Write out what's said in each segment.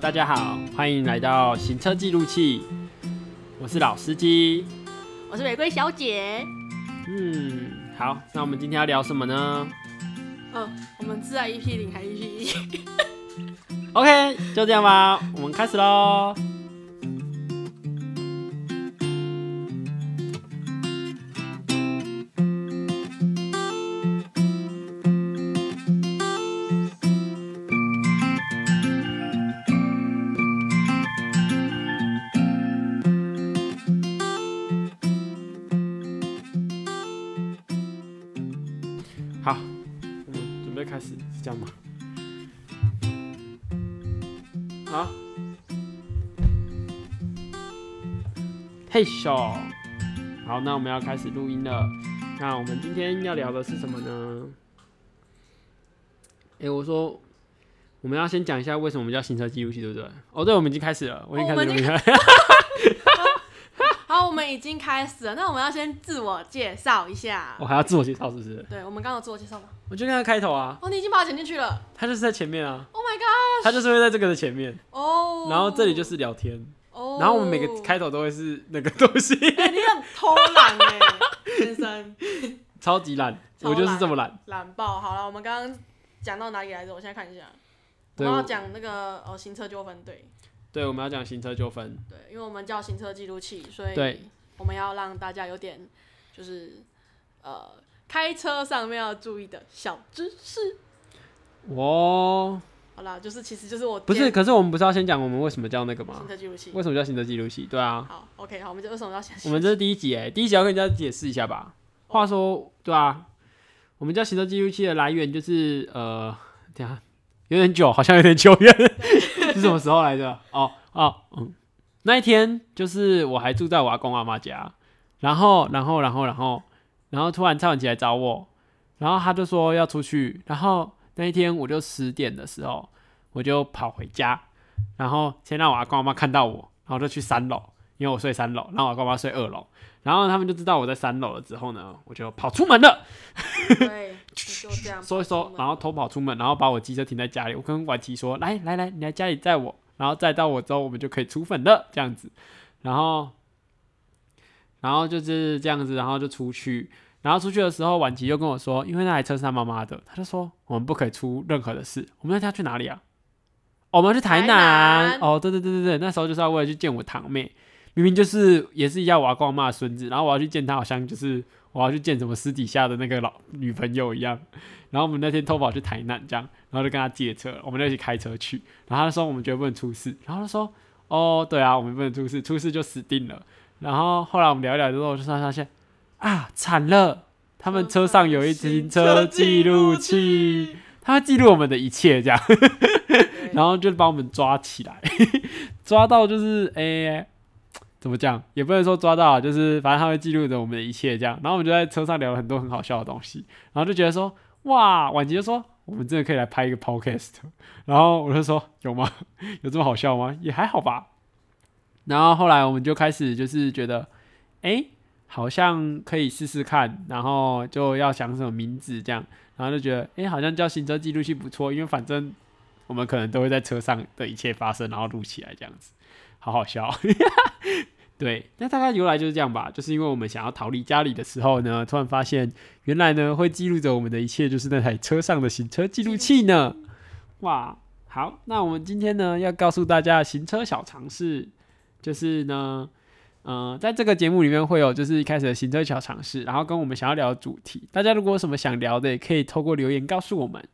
大家好，歡迎來到行車記錄器。我是老司機，我是玫瑰小姐。嗯，好，那我們今天要聊什麼呢？嗯、呃，我們是在 EP 零，還是 EP 一？OK，就這樣吧，我們開始嘍。是是這樣嗎？好、啊，嘿咻，好，那我們要開始錄音了。那我們今天要聊的是什麼呢？哎、欸，我說，我們要先講一下為什麼我們叫行車記錄器，對不對？哦，對，我們已經開始了，我已經開始錄音了，哈哈們。 已經開始了，那我們要先自我介紹一下。我還要自我介紹是不是？對，我們剛剛有自我介紹嗎？我就跟他開頭啊。哦，你已經把它剪進去了。他就是在前面啊。Oh my god！他就是會在這個的前面哦。然後這裡就是聊天。然後我們每個開頭都會是那個東西。你很偷懶哎。先生，超級懶，我就是這麼懶。懶爆！好了，我們剛剛講到哪裡來着？我現在看一下。我要講那個行車糾紛，對。對，我們要講行車糾紛。對，因為我們叫行車記錄器，所以我們要讓大家有點就是呃，開車上面要注意的小知識。哦我，好啦，就是其實就是我的不是，可是我們不是要先講我們為什麼叫那個嗎？行車記錄器為什麼叫行車記錄器？對啊。好，OK，好，我們就為什麼要先？我們這是第一集哎，第一集要跟人家解釋一下吧。話說，對啊，我們叫行車記錄器的來源就是呃，等下有點久，好像有點久遠。 什麼時候來着？哦哦，嗯，那一天就是我還住在我阿公阿媽家，然後然後然後然後然後，然後突然蔡婉琪來找我，然後他就說要出去，然後那一天我就十點的時候我就跑回家，然後先讓我阿公阿媽看到我，然後就去三樓，因為我睡三樓，然後我阿公阿媽睡二樓，然後他們就知道我在三樓了之後呢，我就跑出門了。 對說一說，然後偷跑出門，然後把我機車停在家裡。我跟婉琪說：“來來來，你來家裡載我，然後載到我之後，我們就可以出粉了。”這樣子，然後，然後就是這樣子，然後就出去。然後出去的時候，婉琪又跟我說：“因為那台車是他媽媽的，他就說我們不可以出任何的事。我們要他去哪裡啊？我們要去台南。台南哦，對對對對對，那時候就是要為了去見我堂妹，明明就是也是一樣，我要跟我媽的孫子，然後我要去見他，好像就是。”我要去見什麼私底下的那個老女朋友一樣，然後我們那天偷跑去台南這樣，然後就跟他借車，我們就一起開車去。然後他就說我們絕對不能出事，然後他說哦，對啊，我們不能出事，出事就死定了。然後後來我們聊一聊之後，就突然發現啊，慘了，他們車上有一行車記錄器，它記錄我們的一切這樣，對 然後就把我們抓起來，抓到就是誒。怎麼講，也不能說抓到，就是反正他會記錄着我們的一切，這樣。然後我們就在車上聊了很多很好笑的東西，然後就覺得說，哇，婉琪就說我們真的可以來拍一個 podcast，然後我就說有嗎？有這麼好笑嗎？也還好吧。然後後來我們就開始就是覺得，哎、欸，好像可以試試看，然後就要想什麼名字這樣，然後就覺得，哎、欸，好像叫行車記錄器不錯，因為反正我們可能都會在車上的一切發生，然後錄起來這樣子。好好笑，， 對，那大概由來就是這樣吧，就是因為我們想要逃離家裡的時候呢，突然發現原來呢會記錄着我們的一切，就是那台車上的行車記錄器呢。哇，好，那我們今天呢要告訴大家行車小常識，就是呢，嗯、呃，在這個節目裡面會有就是一開始的行車小常識，然後跟我們想要聊的主題。大家如果有什麼想聊的，也可以透過留言告訴我們。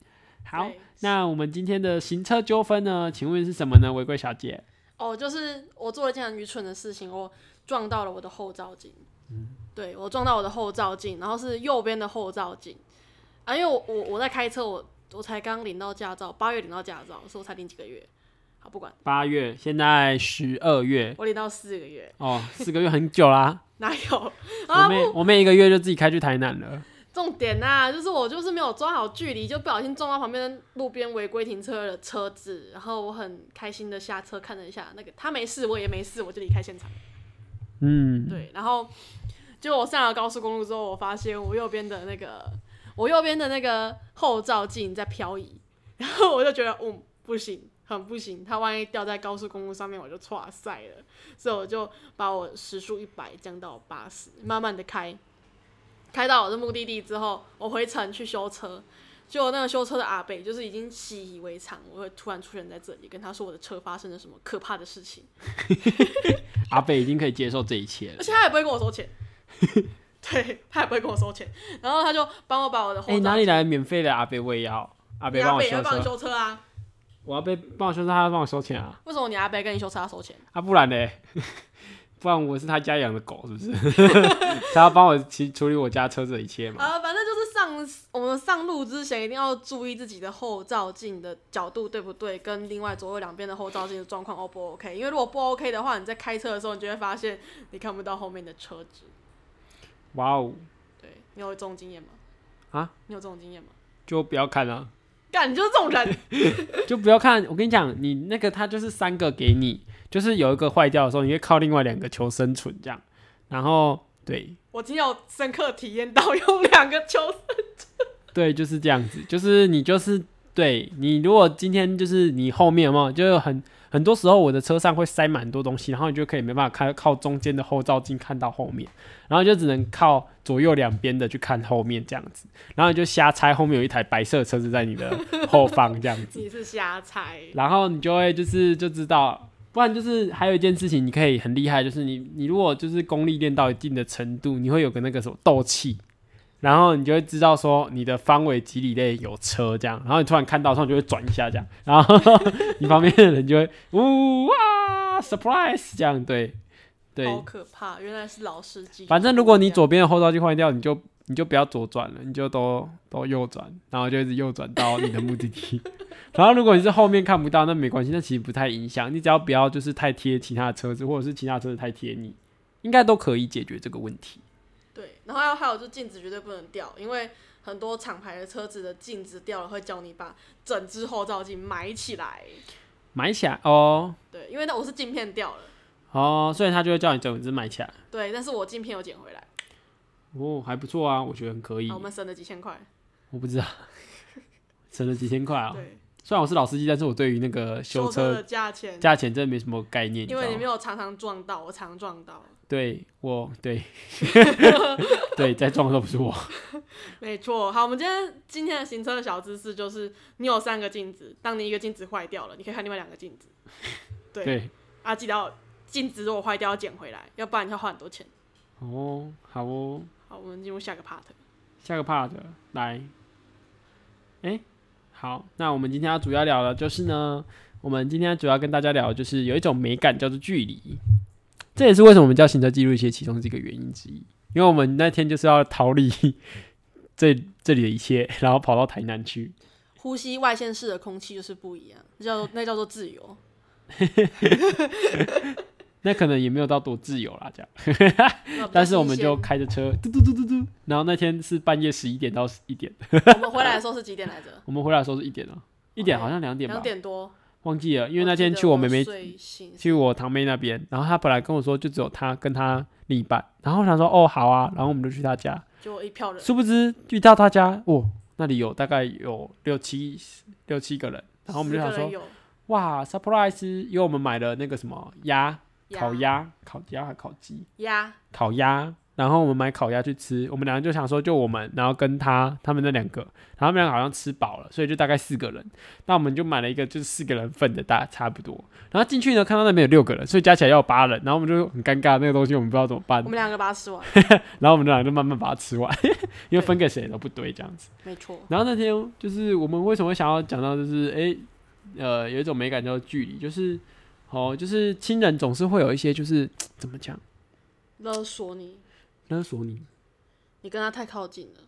好，那我們今天的行車糾紛呢，請問是什麼呢？違規小姐？哦，oh, 就是我做了一件很愚蠢的事情，我撞到了我的後照鏡。嗯，對，我撞到我的後照鏡，然後是右邊的後照鏡。啊，因為我我，我在開車，我我才剛領到駕照，八月領到駕照，所以我才領幾個月。好，不管。八月，現在十二月。我領到四個月。哦，四個月很久啦。 哪有？我妹每， 我妹一個月就自己開去台南了。重點吶、啊，就是我就是沒有抓好距離，就不小心撞到旁邊路邊違規停車的車子，然後我很開心的下車看了一下，那個他沒事，我也沒事，我就離開現場。嗯，對，然後就我上了高速公路之後，我發現我右邊的那個我右邊的那個後照鏡在漂移，然後我就覺得嗯不行，很不行，它萬一掉在高速公路上面，我就挫賽了，所以我就把我時速一百降到八十，慢慢的開。開到我的目的地之後，我回城去修車，就那個修車的阿伯，就是已經習以為常，我會突然出現在這裡，跟他說我的車發生了什麼可怕的事情。 阿伯已經可以接受這一切了，而且他也不會跟我收錢。 對他也不會跟我收錢，然後他就幫我把我的貨、欸、哪裡來免費的阿伯我也要，阿伯幫我修車，阿伯也會幫我修車啊。我阿伯幫我修車，他要幫我收錢啊？為什麼你阿伯跟你修車要收錢？啊，不然呢？不然我是他家養的狗，是不是？ 他要幫我處理我家車子的一切嘛。啊、呃，反正就是上我們上路之前一定要注意自己的後照鏡的角度對不對，跟另外左右兩邊的後照鏡的狀況 O 不 OK？因為如果不 OK 的話，你在開車的時候你就會發現你看不到後面的車子。哇哦 Wow！對你有這種經驗嗎？啊，你有這種經驗嗎？啊、嗎就不要看了、啊，幹，你就是這種人， 就不要看。我跟你講，你那個他就是三個給你。就是有一個壞掉的時候，你會靠另外兩個求生存這樣。然後，對我今天有深刻體驗到用兩個求生存。對，就是這樣子。就是你就是對你，如果今天就是你後面，有沒有就很很多時候我的車上會塞滿很多東西，然後你就可以沒辦法開靠中間的後照鏡看到後面，然後就只能靠左右兩邊的去看後面這樣子，然後你就瞎猜後面有一台白色的車子在你的後方這樣子。 你是瞎猜。然後你就會就是就知道。不然就是還有一件事情，你可以很厲害，就是你你如果就是功力練到一定的程度，你會有個那個什麼鬥氣，然後你就會知道說你的方位幾里內有車這樣，然後你突然看到，突然就會轉一下這樣， 然後你旁邊的人就會嗚 哇 surprise 這樣對對。好可怕，原來是老司機。反正如果你左邊的後照鏡壞掉，你就你就不要左轉了，你就都都右轉，然後就一直右轉到你的目的地。 然後如果你是後面看不到，那沒關係，那其實不太影響。你只要不要就是太貼其他車子，或者是其他車子太貼你，應該都可以解決這個問題。對，然後要還有就是鏡子絕對不能掉，因為很多廠牌的車子的鏡子掉了，會叫你把整支後照鏡買起來，買起來哦。對，因為那我是鏡片掉了，哦，所以他就會叫你整支買起來。對，但是我鏡片有撿回來，哦，還不錯啊，我覺得很可以。啊、我們省了幾千塊，我不知道，省了幾千塊啊、哦。 對。雖然我是老司機，但是我對於那個修車，修車的價錢、錢真的沒什麼概念，因為你沒有常常撞到，我常、常撞到。對，我對， 對，再撞的都不是我。 沒錯，好，我們今天今天的行車的小知識就是，你有三個鏡子，當你一個鏡子壞掉了，你可以看另外兩個鏡子。對。對啊，記得要鏡子如果壞掉要撿回來，要不然你要花很多錢。好哦，好哦。好，我們進入下個 part。下個 part 來，欸好，那我們今天要主要聊的，就是呢，我們今天要主要跟大家聊的，就是有一種美感，叫做距離，這也是為什麼我們叫行車紀錄器，其中這個原因之一，因為我們那天就是要逃離這這裡的一切，然後跑到台南去，呼吸外縣市的空氣就是不一樣，那叫做那叫做自由。 那可能也沒有到多自由啦，這樣， 啊、但是我們就開着車嘟嘟嘟嘟嘟嘟，然後那天是半夜十一點到一點。 我們回來的時候是幾點來着？ 我們回來的時候是一點哦，一點好像兩點吧。兩、okay, 點多，忘記了，因為那天去我妹妹我我去我堂妹那邊，然後她，本來跟我說就只有她跟她另一半，然後我想說哦好啊，然後我們就去她家，就一票人。殊不知一到她家哦，那裡有大概有六七六七個人，然後我們就想說有哇 surprise，因為我們買了那個什麼鴨。烤鴨、Yeah. 烤鴨和烤雞，鴨 Yeah. 烤鴨，然後我們買烤鴨去吃。我們兩個就想說，就我們，然後跟他他們那兩個，然後他們兩個好像吃飽了，所以就大概四個人。那我們就買了一個，就是四個人份的，大差不多。然後進去呢，看到那邊有六個人，所以加起來要八人。然後我們就很尷尬，那個東西我們不知道怎麼辦。我們兩個把它吃完。 然後我們就兩個就慢慢把它吃完， 因為分給誰都不對，對這樣子。沒錯。然後那天就是我們為什麼想要講到，就是哎，呃，有一種美感叫距離，就是。哦，就是親人總是會有一些，就是怎麼講？勒索你，勒索你，你跟他太靠近了，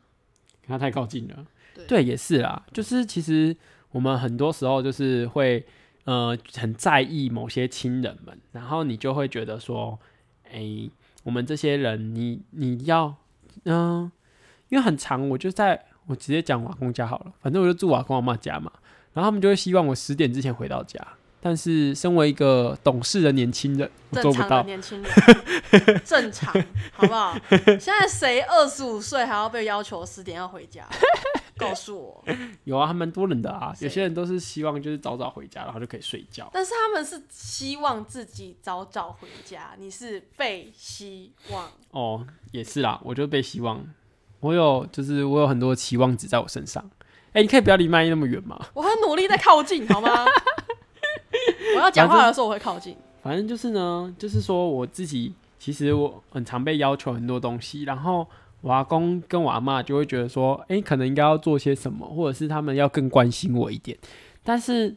跟他太靠近了。對，對，也是啦，對就是其實我們很多時候就是會呃很在意某些親人們，然後你就會覺得說，哎、欸，我們這些人你，你你要嗯、呃，因為很常，我就在我直接講阿公家好了，反正我就住阿公阿嬤家嘛，然後他們就會希望我十點之前回到家。但是，身為一個懂事的年輕人，我做不到。正常的年輕人，正常，好不好？現在誰二十五歲還要被要求十點要回家？告訴我，有啊，還蠻多人的啊。有些人都是希望就是早早回家，然後就可以睡覺。但是他們是希望自己早早回家，你是被希望。哦，也是啦，我就被希望。我有，就是我有很多期望值在我身上。哎，你可以不要離麥那麼遠嗎？我很努力在靠近，好嗎？我要講話的時候，我會靠近。反正就是呢，就是說我自己其實我很常被要求很多東西，然後我阿公跟我阿媽就會覺得說，誒、欸，可能應該要做些什麼，或者是他們要更關心我一點。但是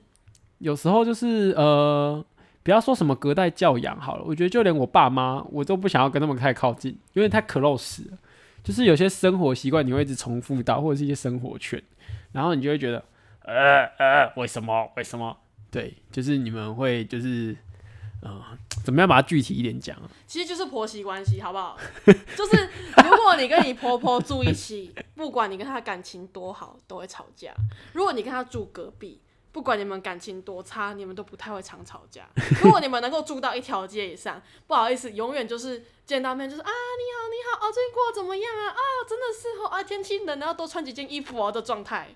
有時候就是呃，不要說什麼隔代教養好了，我覺得就連我爸媽，我都不想要跟他們太靠近，因為太 close。就是有些生活習慣你會一直重複到，或者是一些生活圈，然後你就會覺得，呃呃，為什麼？為什麼？對，就是你們會就是，呃，怎麼樣把它具體一點講啊？其實就是婆媳關係，好不好？ 就是如果你跟你婆婆住一起， 不管你跟她感情多好，都會吵架；如果你跟她住隔壁，不管你們感情多差，你們都不太會常吵架。 如果你們能夠住到一條街以上，不好意思，永遠就是見到面就是啊，你好，你好，啊、哦，最近過怎麼樣啊？啊、哦，真的是哦，啊，天氣冷了，要多穿幾件衣服哦的狀態。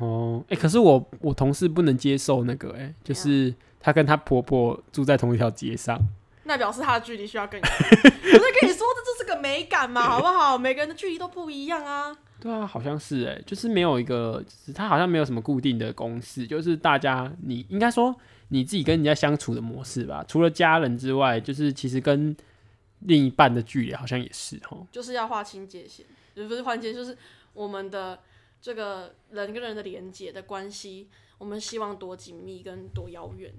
哦，哎、欸，可是我我同事不能接受那個、欸，哎，就是她跟她婆婆住在同一條街上，那表示她的距離需要更遠。我在跟你說的這是個美感嘛， 好不好？每個人的距離都不一樣啊。對啊，好像是哎、欸，就是沒有一個，就是她好像沒有什麼固定的公式，就是大家你應該說你自己跟人家相處的模式吧，除了家人之外，就是其實跟另一半的距離好像也是哦，就是要劃清界限，就是不是環節，就是我們的。這個人跟人的連接的關係，我們希望多緊密跟多遙遠，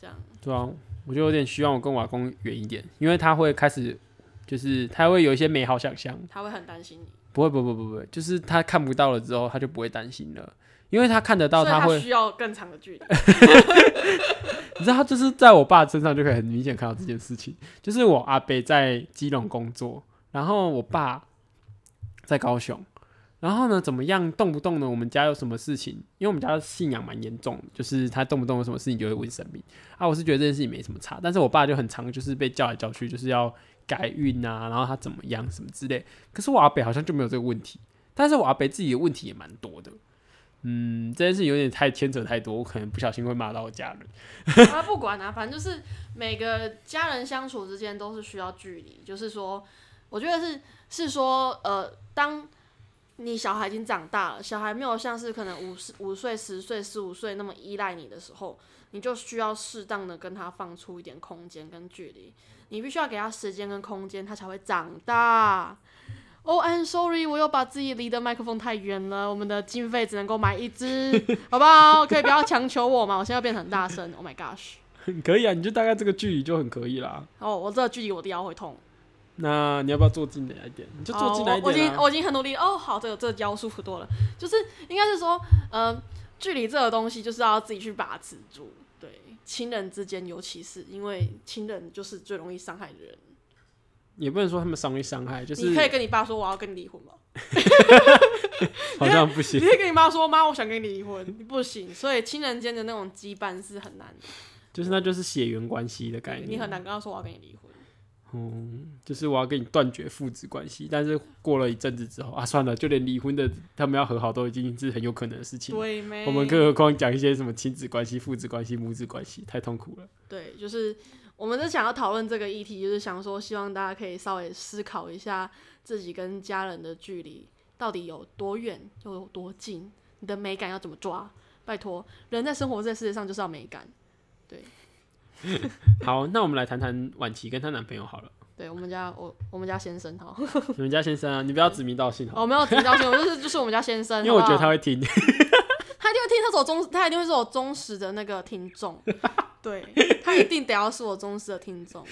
這樣。對啊，我就有點希望我跟我阿公遠一點，因為他會開始，就是他會有一些美好想象，他會很擔心你。不會，不不不會就是他看不到了之後，他就不會擔心了，因為他看得到，他會他需要更長的距離。 你知道，就是在我爸身上就可以很明顯看到這件事情，嗯、就是我阿伯在基隆工作，然後我爸在高雄。然後呢，怎麼樣，動不動呢，我們家有什麼事情，因為我們家的信仰蠻嚴重，就是他動不動有什麼事情就會問神明啊。我是覺得這件事情沒什麼差，但是我爸就很常就是被叫來叫去，就是要改運啊，然後他怎麼樣什麼之類。可是我阿伯好像就沒有這個問題，但是我阿伯自己的問題也蠻多的。嗯，這件事有點太牽扯太多，我可能不小心會罵到我家人。他不管啊，反正就是每個家人相處之間都是需要距離，就是說，我覺得是是說呃，當。你小孩已經長大了，小孩沒有像是可能五歲、十歲、十五歲那麼依賴你的時候，你就需要適當的跟他放出一點空間跟距離。你必須要給他時間跟空間，他才會長大。Oh, I'm sorry，我又把自己離得麥克風太遠了。我們的經費只能夠買一支， 好不好？可以不要強求我嘛？我現在要變得很大聲。Oh my gosh，可以啊，你就大概這個距離就很可以啦。哦，oh，我知道距離我的腰會痛。那你要不要坐近來一點？Oh, 你就坐近來點、啊。我已經我已經很努力。哦，好，這個、這個腰舒服多了。就是應該是說，嗯、呃，距離這個東西就是要自己去把持住。對，親人之間，尤其是因為親人就是最容易傷害的人。也不能說他們傷易傷害，就是你可以跟你爸說我要跟你離婚嗎？ 好像不行。你可以跟你媽說媽我想跟你離婚，不行。所以親人間的那種羈絆是很難的。就是那就是血緣關係的概念。你很難跟他說我要跟你離婚。嗯，就是我要跟你斷絕父子關係，但是過了一陣子之後啊，算了，就連離婚的他們要和好都已經是很有可能的事情。對，沒。我們更何況講一些什麼親子關係、父子關係、母子關係，太痛苦了。對，就是我們是想要討論這個議題，就是想說希望大家可以稍微思考一下，自己跟家人的距離到底有多遠，又有多近？你的美感要怎麼抓？拜託，人在生活在世界上就是要美感，對。 好，那我們來談談婉琪跟她男朋友好了。對，我們家我我們家先生哈， 你們家先生啊，你不要指名道姓哦。我沒有指名道姓，我就是就是我們家先生， 好好因為我覺得他會聽， 他一定會聽，他是我忠，他一定會是我忠實的那個聽眾， 對，他一定得要是我忠實的聽眾。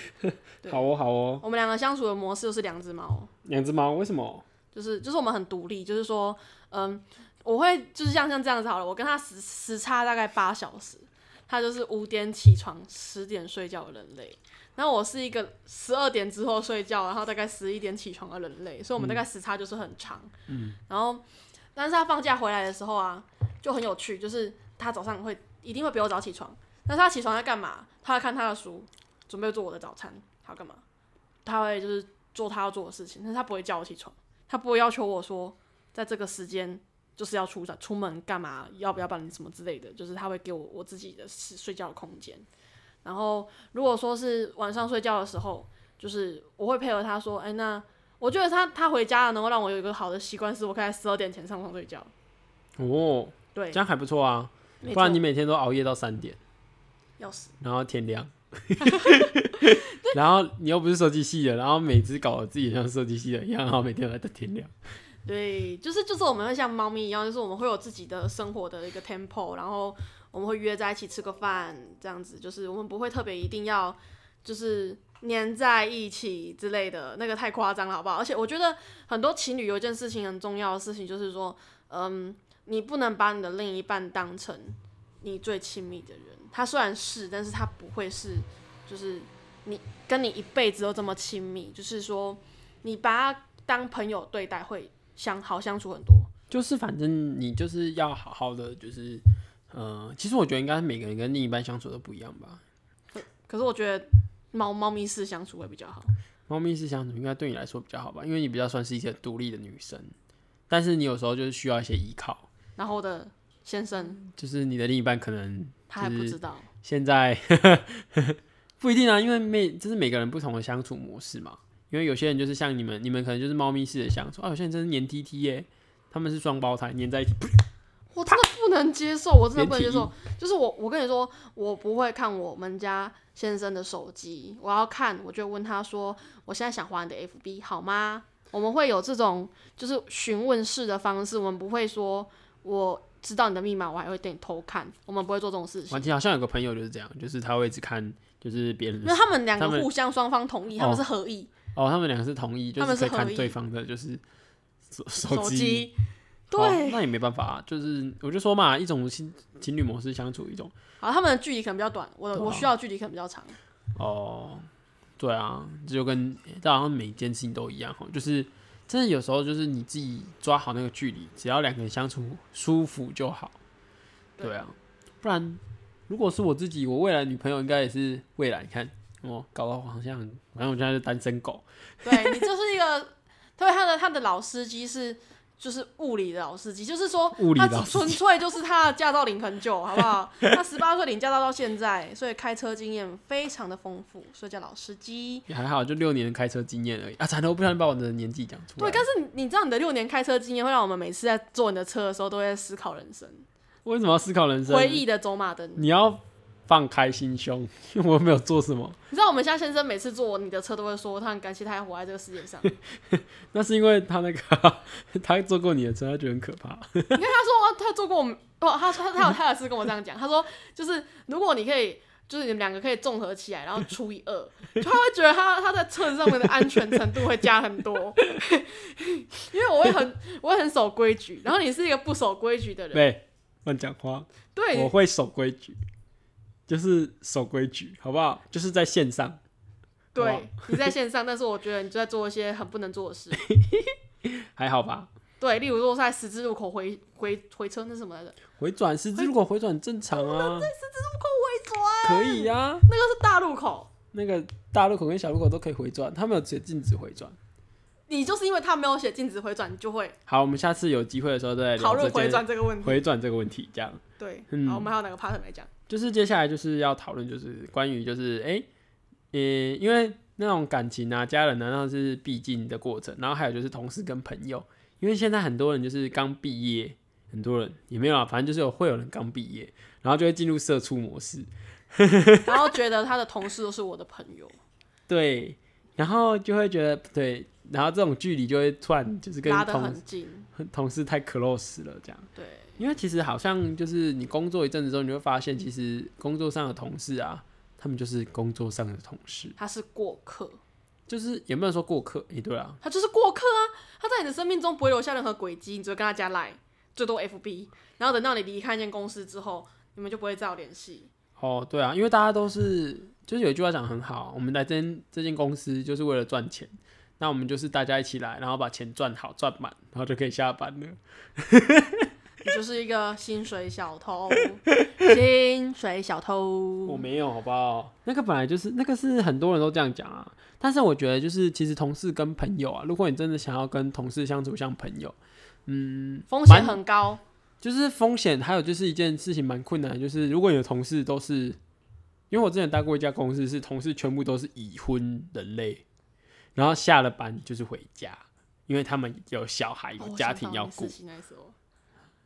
好哦，好哦，我們兩個相處的模式就是兩隻貓。兩隻貓？為什麼？就是就是我們很獨立，就是說，嗯，我會就是像像這樣子好了，我跟他時時差大概八小時。他就是五點起床、十點睡覺的人類，那我是一個十二點之後睡覺，然後大概十一點起床的人類，所以我們大概時差就是很長。嗯，嗯然後，但是他放假回來的時候啊，就很有趣，就是他早上會一定會比我早起床，但是他起床在幹嘛？他在看他的書，準備做我的早餐，還要幹嘛？他會就是做他要做的事情，但是他不會叫我起床，他不會要求我說在這個時間。就是要出出門幹嘛？要不要幫你什麼之類的？就是他會給我我自己的睡覺的空間。然後如果說是晚上睡覺的時候，就是我會配合他說：“哎、欸，那我覺得他他回家了，能夠讓我有一個好的習慣，是我可以在十二點前上床睡覺。”哦，對，這樣還不錯啊。不然你每天都熬夜到三點，要死錯。然後天亮， 然後你又不是設計系的，然後每次搞我自己像設計系的一樣，然後每天都到天亮。對，就是就是我們會像貓咪一樣，就是我們會有自己的生活的一個 tempo，然後我們會約在一起吃個飯，這樣子就是我們不會特別一定要就是黏在一起之類的，那個太誇張了，好不好？而且我覺得很多情侶有一件事情很重要的事情，就是說，嗯，你不能把你的另一半當成你最親密的人，他雖然是，但是他不會是，就是你跟你一輩子都這麼親密，就是說你把他當朋友對待會。相好相處很多，就是反正你就是要好好的，就是嗯、呃，其實我覺得應該每個人跟另一半相處都不一樣吧。可是我覺得貓貓咪式相處會比較好，貓咪式相處應該對你來說比較好吧，因為你比較算是一些獨立的女生，但是你有時候就是需要一些依靠。然後的先生，就是你的另一半可能他還不知道，現在 不一定啊，因為每就是每個人不同的相處模式嘛。因為有些人就是像你們，你們可能就是貓咪似的相處啊，哦、有些人真是黏 TT 耶。他們是雙胞胎，黏在一起。我真的不能接受，我真的不能接受。梯就是我，我跟你說，我不會看我們家先生的手機。我要看，我就問他說：“我現在想滑你的 FB 好嗎？”我們會有這種就是詢問式的方式，我們不會說我知道你的密碼，我還會點偷看。我們不會做這種事情。我好像有個朋友就是這樣，就是他會一直看，就是別人。那他們兩個互相雙們方同意，他們是合意。哦哦，他們兩個是同意，就是在看對方的，就是手是手機，對、哦，那也沒辦法，啊，就是我就說嘛，一種情情侶模式相處，一種，啊，他們的距離可能比較短，我我需要距離可能比較長，啊、哦，對啊，這就跟就、欸、好像每一件事情都一樣哈、哦，就是真的有時候就是你自己抓好那個距離，只要兩個人相處舒服就好，對，對啊，不然如果是我自己，我未來女朋友應該也是未來，你看。哦，搞到好像，反正我現在是單身狗。對，你就是一個， 特別他的他的老司機是就是物理的老司機，就是說物理的他純粹就是他的駕照領很久，好不好？他十八歲領駕照到現在，所以開車經驗非常的豐富，所以叫老司機。也還好，就六年開車經驗而已啊！差點我不想把我的年紀講出來。對，但是你你知道你的六年開車經驗會讓我們每次在坐你的車的時候都會在思考人生。為什麼要思考人生？回憶的走馬燈。你要。放開心胸，因為我又沒有做什麼。你知道我們家先生每次坐你的車都會說他很感謝他還活在這個世界上。 那是因為他那個他坐過你的車，他覺得很可怕。因為他說、哦、他坐過我們，不、哦，他說他，他有他的事跟我這樣講。他說就是如果你可以，就是你們兩個可以綜合起來，然後除以二，他會覺得他他在車子上面的安全程度會加很多。 因為我會很我會很守規矩，然後你是一個不守規矩的人。對，亂講話。對，我會守規矩。就是守規矩，好不好？就是在線上，對，好好，你在線上， 但是我覺得你就在做一些很不能做的事， 還好吧？對，例如說在十字路口回回回車，那是什麼來着？回轉十字路口回轉正常啊，在十字路口回轉可以啊，那個是大路口，那個大路口跟小路口都可以回轉，他沒有寫禁止回轉，你就是因為他沒有寫禁止回轉，你就會。好，我們下次有機會的時候再討論回轉這個問題，回轉這個問題，這樣對。好，我們還有哪個 partner 來講？就是接下來就是要討論，就是關於就是誒嗯、欸欸，因為那種感情啊、家人呢、啊，那是必經的過程。然後還有就是同事跟朋友，因為現在很多人就是剛畢業，很多人也沒有啊，反正就是有會有人剛畢業，然後就會進入社畜模式，然後覺得他的同事都是我的朋友。 對。然後就會覺得對，然後這種距離就會突然就是跟同事很近，同事太 close 了這樣。對，因為其實好像就是你工作一陣子之後，你會發現其實工作上的同事啊，他們就是工作上的同事。他是過客，就是也沒有說過客，哎、欸，對啊，他就是過客啊，他在你的生命中不會留下任何軌跡，你只會跟他加 line 最多 fb，然後等到你離開一間公司之後，你們就不會再有聯繫。哦，對啊，因為大家都是。就是有一句話講很好，我們來這間這間公司就是為了賺錢，那我們就是大家一起來，然後把錢賺好賺滿，然後就可以下班了。 你就是一個薪水小偷，薪 水小偷。我沒有，好不好？那個本來就是那個是很多人都這樣講啊，但是我覺得就是其實同事跟朋友啊，如果你真的想要跟同事相處像朋友，嗯，風險很高，就是風險，還有就是一件事情蠻困難，就是如果你的同事都是。因為我之前待過一家公司，是同事全部都是已婚人類，然後下了班就是回家，因為他們有小孩，有家庭要顧。那時候。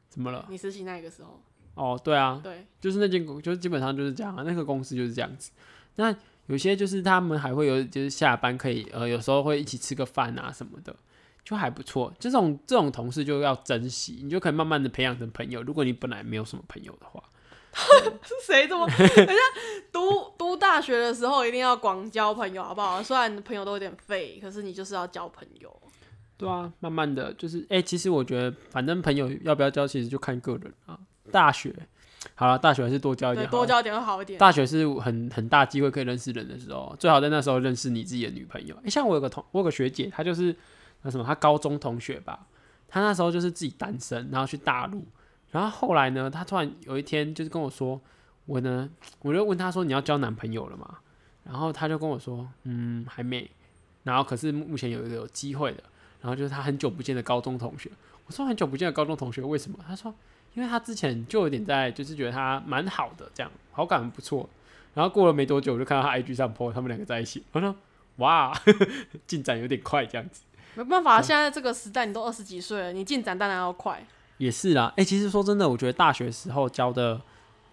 怎麼了？你實習那個時候？時候哦，對啊。對。就是那間公，就是基本上就是這樣啊，那個公司就是這樣子。那有些就是他們還會有，就是下班可以，呃，有時候會一起吃個飯啊什麼的，就還不錯。這種這種同事就要珍惜，你就可以慢慢的培養成朋友。如果你本來沒有什麼朋友的話。是誰 這麼 等？等下讀讀大學的時候一定要廣交朋友，好不好？雖然朋友都有點廢，可是你就是要交朋友。對啊，慢慢的就是哎、欸，其實我覺得反正朋友要不要交，其實就看個人啊。大學好了，大學還是多交一點，多交一點會好一點，啊。大學是很很大機會可以認識人的時候，最好在那時候認識你自己的女朋友。哎、欸，像我有個同，我有個學姐，她就是那什麼，她高中同學吧，她那時候就是自己單身，然後去大陸。然後後來呢，他突然有一天就是跟我說，我呢，我就問他說：“你要交男朋友了嘛？”然後他就跟我說：“嗯，還沒。”然後可是目前有一個有機會的。然後就是他很久不見的高中同學。我說：“很久不見的高中同學，為什麼？”他說：“因為他之前就有點在，就是覺得他蠻好的，這樣好感很不錯。”然後過了沒多久，我就看到他 IG 上 po 他們兩個在一起。我說：“哇呵呵，進展有點快，這樣子。”沒辦法，後現在這個時代，你都二十幾歲了，你進展當然要快。也是啦，哎、欸，其實說真的，我覺得大學時候交的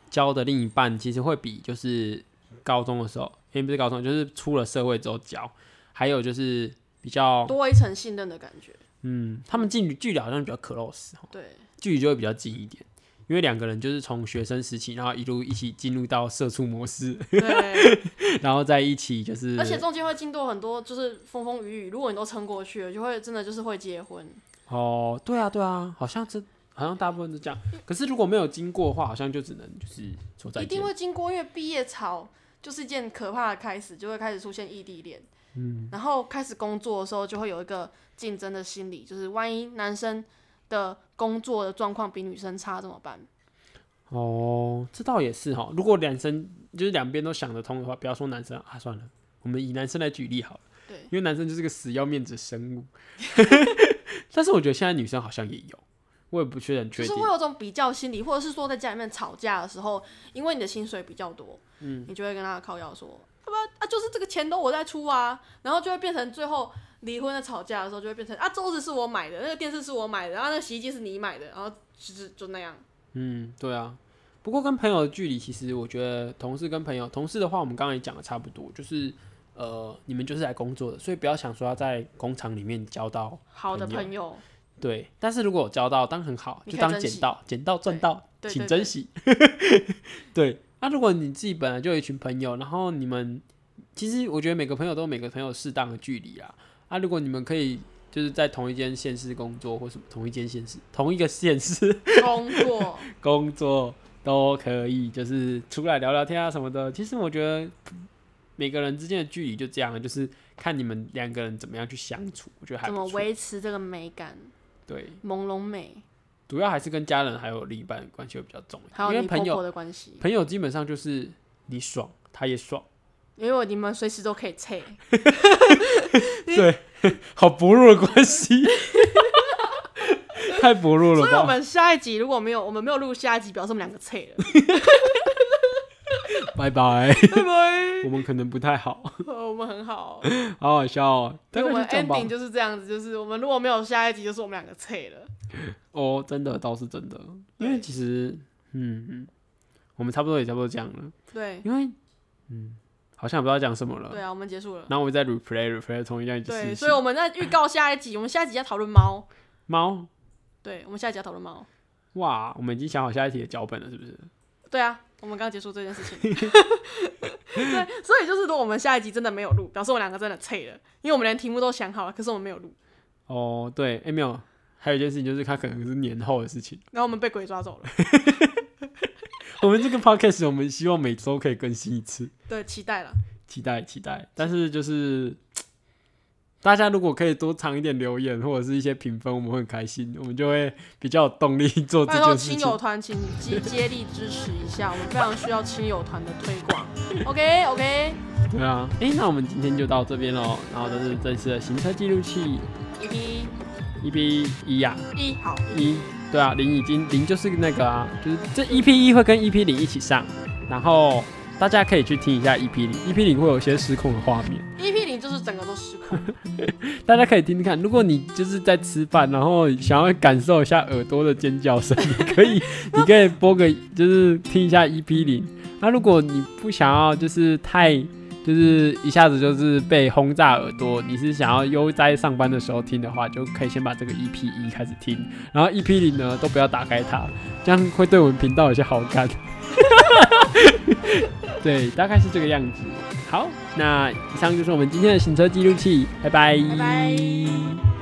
交的另一半，其實會比就是高中的時候，因為不是高中，就是出了社會之後交，還有就是比較多一層信任的感覺。嗯，他們近距離距離好像比較 close，對，距離就會比較近一點，因為兩個人就是從學生時期，然後一路一起進入到社畜模式，對 然後在一起就是，而且中間會經過很多就是風風雨雨，如果你都撐過去了，就會真的就是會結婚。哦，對啊，對啊，好像是，好像大部分都這樣。可是如果沒有經過的話，好像就只能就是說再。一定會經過，因為畢業潮就是一件可怕的開始，就會開始出現異地戀。嗯，然後開始工作的時候，就會有一個競爭的心理，就是萬一男生的工作的狀況比女生差怎麼辦？哦，這倒也是哈、哦。如果兩生就是兩邊都想得通的話，不要說男生啊，算了，我們以男生來舉例好了。對，因為男生就是個死要面子的生物。 但是我覺得現在女生好像也有，我也不確定。就是我有種比較心理，或者是說在家裡面吵架的時候，因為你的薪水比較多，嗯，你就會跟他的靠腰說，他不啊，就是這個錢都我在出啊，然後就會變成最後離婚的吵架的時候，就會變成啊，桌子是我買的，那個電視是我買的，然後那個洗衣機是你買的，然後就是就那樣。嗯，對啊。不過跟朋友的距離，其實我覺得同事跟朋友，同事的話我們剛剛也講的差不多，就是。呃，你們就是來工作的，所以不要想說要在工廠裡面交到好的朋友。對，但是如果交到，當然很好，就當撿到，撿到賺到，到到對請珍惜。對，對，對，對，那、 啊、如果你自己本來就有一群朋友，然後你們其實我覺得每個朋友都有每個朋友適當的距離啊。如果你們可以就是在同一間縣市工作或什麼同一間縣市同一個縣市工作 工作都可以，就是出來聊聊天啊什麼的。其實我覺得。每個人之間的距離就這樣了，就是看你們兩個人怎麼樣去相處，嗯、我覺得還怎麼維持這個美感？對，朦朧美。主要還是跟家人還有另一半關係會比較重要，還有婆婆因為朋友的關係，朋友基本上就是你爽他也爽，因為你們隨時都可以扯。 你 對，好薄弱的關係， 太薄弱了吧？所以，我們下一集如果沒有我們沒有錄下一集，表示我們兩個扯了。 拜拜，拜拜。我們可能不太好。我們很好，好好笑哦。因為我們 ending 就是這樣子，就是我們如果沒有下一集，就是我們兩個脆了。哦，真的倒是真的。因為其實，嗯嗯，我們差不多也差不多講了。對。因為，嗯，好像也不知道講什麼了。對啊，我們結束了。然後我們再 replay replay 重講一起。對，所以我們在預告下一集。我們下一集要討論貓。貓。對，我們下一集要討論貓。哇，我們已經想好下一集的腳本了，是不是？對啊。我們剛剛結束這件事情， 對，所以就是說，我們下一集真的沒有錄，表示我們兩個真的廢了，因為我們連題目都想好了，可是我們沒有錄。哦，對，Emil，還有一件事情就是，它可能是年後的事情。然後我們被鬼抓走了。 我們這個 podcast， 我們希望每周可以更新一次。對，期待了。期待，期待，但是就是。大家如果可以多長一點留言或者是一些評分，我們會很開心，我們就會比較有動力做這件事情。拜託親友團，請接接力支持一下， 我們非常需要親友團的推廣。 OK OK。對啊，哎、欸，那我們今天就到這邊嘍。然後就是這次的行車記錄器，EP，EP 一呀，E、啊 e, 好 E。E. E, 對啊，零已經零就是那個啊， 就是這 EP 一會跟 EP 零一起上，然後大家可以去聽一下 EP 零，EP 零會有一些失控的畫面。EP 是整個都失控， 大家可以聽聽看。如果你就是在吃飯，然後想要感受一下耳朵的尖叫聲，你可以， 你可以播個，就是聽一下 EP 零。那、啊、如果你不想要，就是太，就是一下子就是被轟炸耳朵，你是想要悠哉上班的時候聽的話，就可以先把這個 EP 一開始聽，然後 EP 零呢，都不要打開它，這樣會對我們頻道有些好感。 對，大概是這個樣子。好，那以上就是我們今天的行車記錄器，拜拜。拜拜。